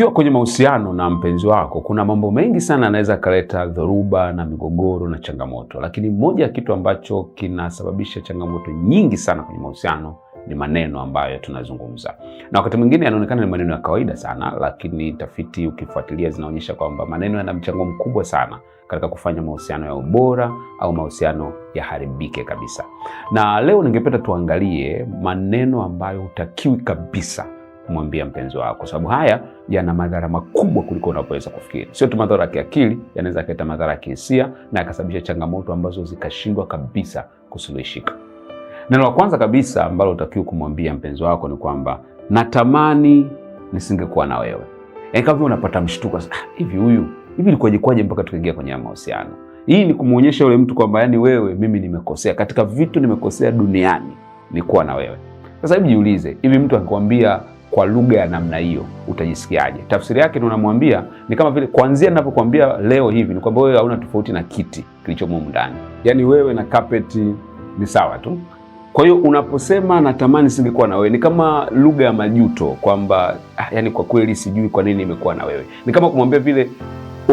Ukiwa kwenye mahusiano na mpenzi wako, kuna mambo mengi sana yanaweza kaleta dhoruba na migogoro na changamoto, lakini moja ya kitu ambacho kinasababisha changamoto nyingi sana kwenye mahusiano ni maneno ambayo tunazungumza, na wakati mwingine yanaonekana ni maneno ya kawaida sana, lakini tafiti ukifuatilia zinaonyesha kwamba maneno yana mchango mkubwa sana katika kufanya mahusiano ya ubora au mahusiano yaharibike kabisa. Na leo ningependa tuangalie maneno ambayo hutakiwi kabisa kumwambia mpenzi wako, kwa sababu haya yana madhara makubwa kuliko unavyoweza kufikiri. Sio tu madhara ya kiakili, yanaweza kaleta madhara ya kihisia na yakasababisha changamoto ambazo zikashindwa kabisa kusuluhishika. Neno la kwanza kabisa ambalo utakiwa kumwambia mpenzi wako ni kwamba natamani nisingekuwa na wewe. Yani kama unapata mshtuko ah, hivi huyu hivi ilikuwaje kwaje mpaka tukaingia kwenye mahusiano? Hii ni kumuonyesha yule mtu kwamba yani, wewe mimi nimekosea katika vitu, nimekosea duniani ni kuwa na wewe. Sasa hebu jiulize, hivi mtu akikwambia kwa lugha ya namna hiyo utajisikiaje? Tafsiri yake unamwambia ni kama vile, kuanzia ninapokuambia leo hivi ni kwamba wewe hauna tofauti na kiti kilichomo ndani, yaani wewe na kapeti ni sawa tu. Kwa hiyo unaposema natamani singekuwa na wewe, ni kama lugha ya majuto kwamba ah, yani kwa kweli sijui kwa nini imekuwa na wewe. Ni kama kumwambia vile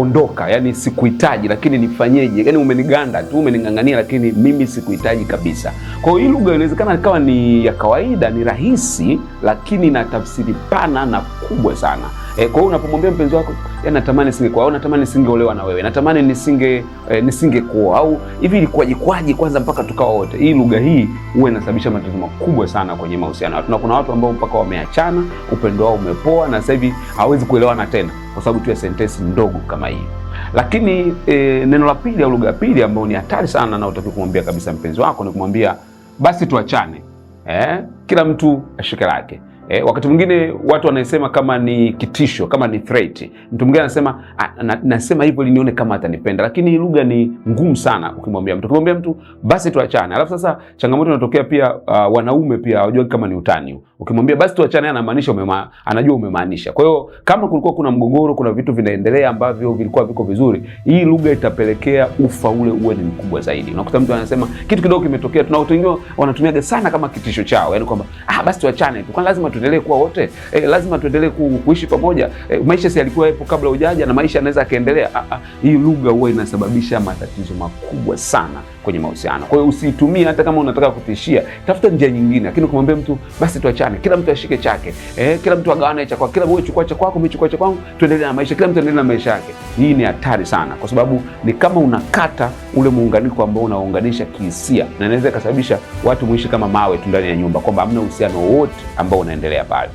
ondoka, yani sikuhitaji, lakini nifanyeje? Yani umeniganda tu, umening'ang'ania, lakini mimi sikuhitaji kabisa. Kwa hiyo hii lugha inawezekana ikawa ni ya kawaida, ni rahisi, lakini ina tafsiri pana na kubwa sana e. Kwa hiyo unapomwambia mpenzi wako, yani eh, natamani singekuwa, au natamani singeolewa na wewe, natamani nisinge e, eh, nisingekuwa, au hivi ilikuwaje kwaje kwanza mpaka tukawa wote. Hii lugha hii huwa inasababisha matatizo makubwa sana kwenye mahusiano ya na kuna watu ambao mpaka wameachana, upendo wao umepoa, na sasa hivi hawezi kuelewana tena kwa sababu tu ya sentensi ndogo kama hii Lakini e, neno la pili au lugha ya pili ambayo ni hatari sana na utaki kumwambia kabisa mpenzi wako ni kumwambia basi tuachane, eh, kila mtu ashike lake. Eh, wakati mwingine watu wanasema kama ni kitisho, kama ni threat. Mtu mwingine anasema ah, na, nasema hivyo ili nione kama atanipenda, lakini lugha ni ngumu sana ukimwambia mtu. Ukimwambia mtu basi tuachane. Alafu sasa changamoto inatokea pia, uh, wanaume pia hawajui kama ni utani. Ukimwambia basi tuachane, anamaanisha umema, anajua umemaanisha. Kwa hiyo kama kulikuwa kuna mgogoro, kuna vitu vinaendelea ambavyo vilikuwa viko vizuri, hii lugha itapelekea ufa ule uwe ni mkubwa zaidi. Unakuta mtu anasema kitu kidogo kimetokea, tunao wanatumia sana kama kitisho chao, yani kwamba ah, basi tuachane tu, kwani lazima tuendelee kuwa wote e, lazima tuendelee ku, kuishi pamoja e, maisha si yalikuwa yapo kabla ujaja na maisha yanaweza akaendelea. Ah, ah, hii lugha huwa inasababisha matatizo makubwa sana kwenye mahusiano. Kwa hiyo usitumie, hata kama unataka kutishia, tafuta njia nyingine, lakini kumwambia mtu basi tuachane, kila mtu ashike chake eh, kila mtu agawane cha kwake, kila wewe chukua cha kwako, mimi chukua cha kwangu, tuendelee na maisha, kila mtu aendelee na maisha yake. Hii ni hatari sana, kwa sababu ni kama unakata ule muunganiko ambao unaunganisha kihisia, na inaweza ikasababisha watu muishi kama mawe tu ndani ya nyumba, kwamba hamna uhusiano wowote ambao unaendelea pale.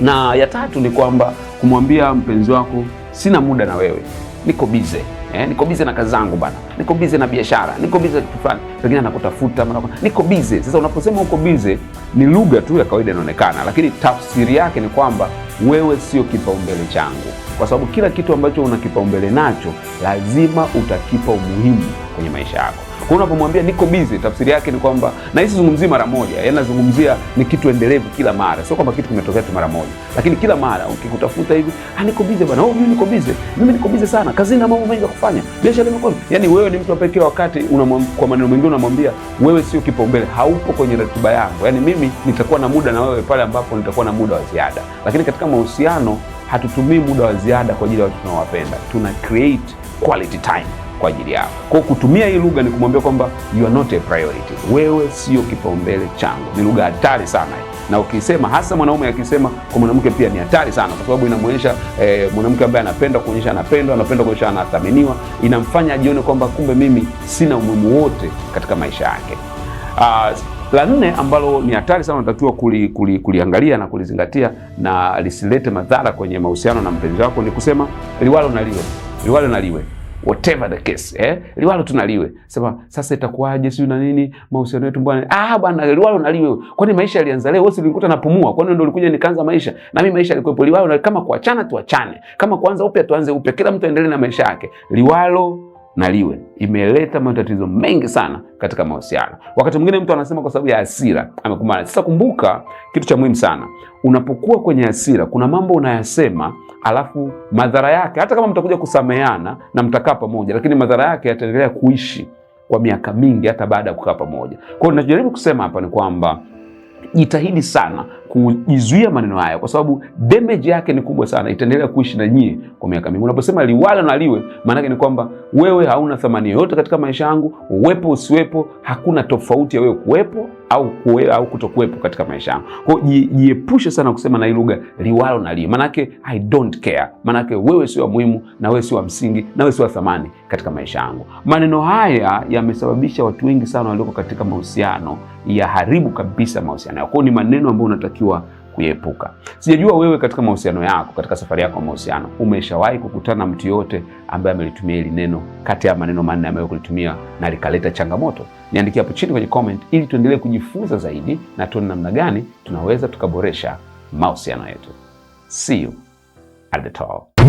Na ya tatu ni kwamba kumwambia mpenzi wako, sina muda na wewe, niko bize eh, niko bize na kazi zangu bana, niko bize na biashara, niko bize na kitu fulani, pengine anakutafuta mara, niko bize. Sasa unaposema uko bize ni lugha tu ya kawaida inaonekana, lakini tafsiri yake ni kwamba wewe sio kipaumbele changu, kwa sababu kila kitu ambacho una kipaumbele nacho lazima utakipa umuhimu kwenye maisha yako. Kwa hiyo unapomwambia niko busy, tafsiri yake ni kwamba na hisi zungumzii mara moja, yaani nazungumzia ni kitu endelevu kila mara, sio kwamba kitu kimetokea tu mara moja, lakini kila mara ukikutafuta hivi, ah, niko busy bwana, oh, mimi niko busy, mimi niko busy sana kazi na mambo mengi ya kufanya, biashara imekuwa. Yaani wewe ni mtu pekee, wakati unamwam, kwa maneno mengine unamwambia wewe sio kipaumbele, haupo kwenye ratiba yangu, yaani mimi nitakuwa na muda na wewe pale ambapo nitakuwa na muda wa ziada, lakini katika mahusiano hatutumii muda wa ziada kwa ajili ya watu tunaowapenda, tuna create quality time kwa ajili yao. Kwa kutumia hii lugha ni kumwambia kwamba you are not a priority, wewe sio kipaumbele changu. Ni lugha hatari sana na ukisema hasa mwanaume akisema kwa mwanamke pia ni hatari sana, kwa sababu inamuonyesha eh, mwanamke ambaye anapenda kuonyesha anapendwa, anapenda kuonyesha anathaminiwa, inamfanya ajione kwamba kumbe mimi sina umuhimu wote katika maisha yake. Uh, la nne ambalo ni hatari sana unatakiwa kuli, kuli, kuliangalia na kulizingatia na lisilete madhara kwenye mahusiano na mpenzi wako ni kusema liwalo na liwe, liwalo na liwe whatever the case eh, liwalo tunaliwe. Sema sasa itakuwaje? Sio na nini mahusiano yetu bwana? Ah bwana, liwalo naliwe. Kwani maisha yalianza leo? Wewe ulinikuta napumua, kwani ndio ulikuja nikaanza maisha na mimi? Maisha yalikuwepo, liwalo na kama kuachana tuachane, kama kuanza upya tuanze upya, kila mtu aendelee na maisha yake. Liwalo naliwe imeleta matatizo mengi sana katika mahusiano. Wakati mwingine mtu anasema kwa sababu ya hasira amekumbana. Sasa kumbuka kitu cha muhimu sana, unapokuwa kwenye hasira, kuna mambo unayasema alafu madhara yake, hata kama mtakuja kusameheana na mtakaa pamoja, lakini madhara yake yataendelea kuishi kwa miaka mingi hata baada ya kukaa pamoja. Kwa hiyo ninachojaribu kusema hapa ni kwamba jitahidi sana kujizuia maneno haya, kwa sababu damage yake ni kubwa sana, itaendelea kuishi na nyie kwa miaka mingi. Unaposema liwalo na liwe, maanake ni kwamba wewe hauna thamani yoyote katika maisha yangu, uwepo usiwepo, hakuna tofauti ya wewe kuwepo au, kuwe, au kutokuwepo katika maisha yangu. Kwa hiyo jiepushe sana kusema na hii lugha liwalo na liwe, maanake I don't care, Maana yake wewe sio muhimu na wewe sio msingi na wewe sio thamani katika maisha yangu. Maneno haya yamesababisha watu wengi sana walioko katika mahusiano ya haribu kabisa mahusiano yao. Kwa hiyo ni maneno ambayo unatakiwa unatakiwa kuepuka. Sijajua wewe katika mahusiano yako, katika safari yako ya mahusiano, umeshawahi kukutana na mtu yoyote ambaye amelitumia hili neno kati ya maneno manne ambayo kulitumia na likaleta changamoto? Niandikia hapo chini kwenye comment, ili tuendelee kujifunza zaidi na tuone namna gani tunaweza tukaboresha mahusiano yetu. See you at the top.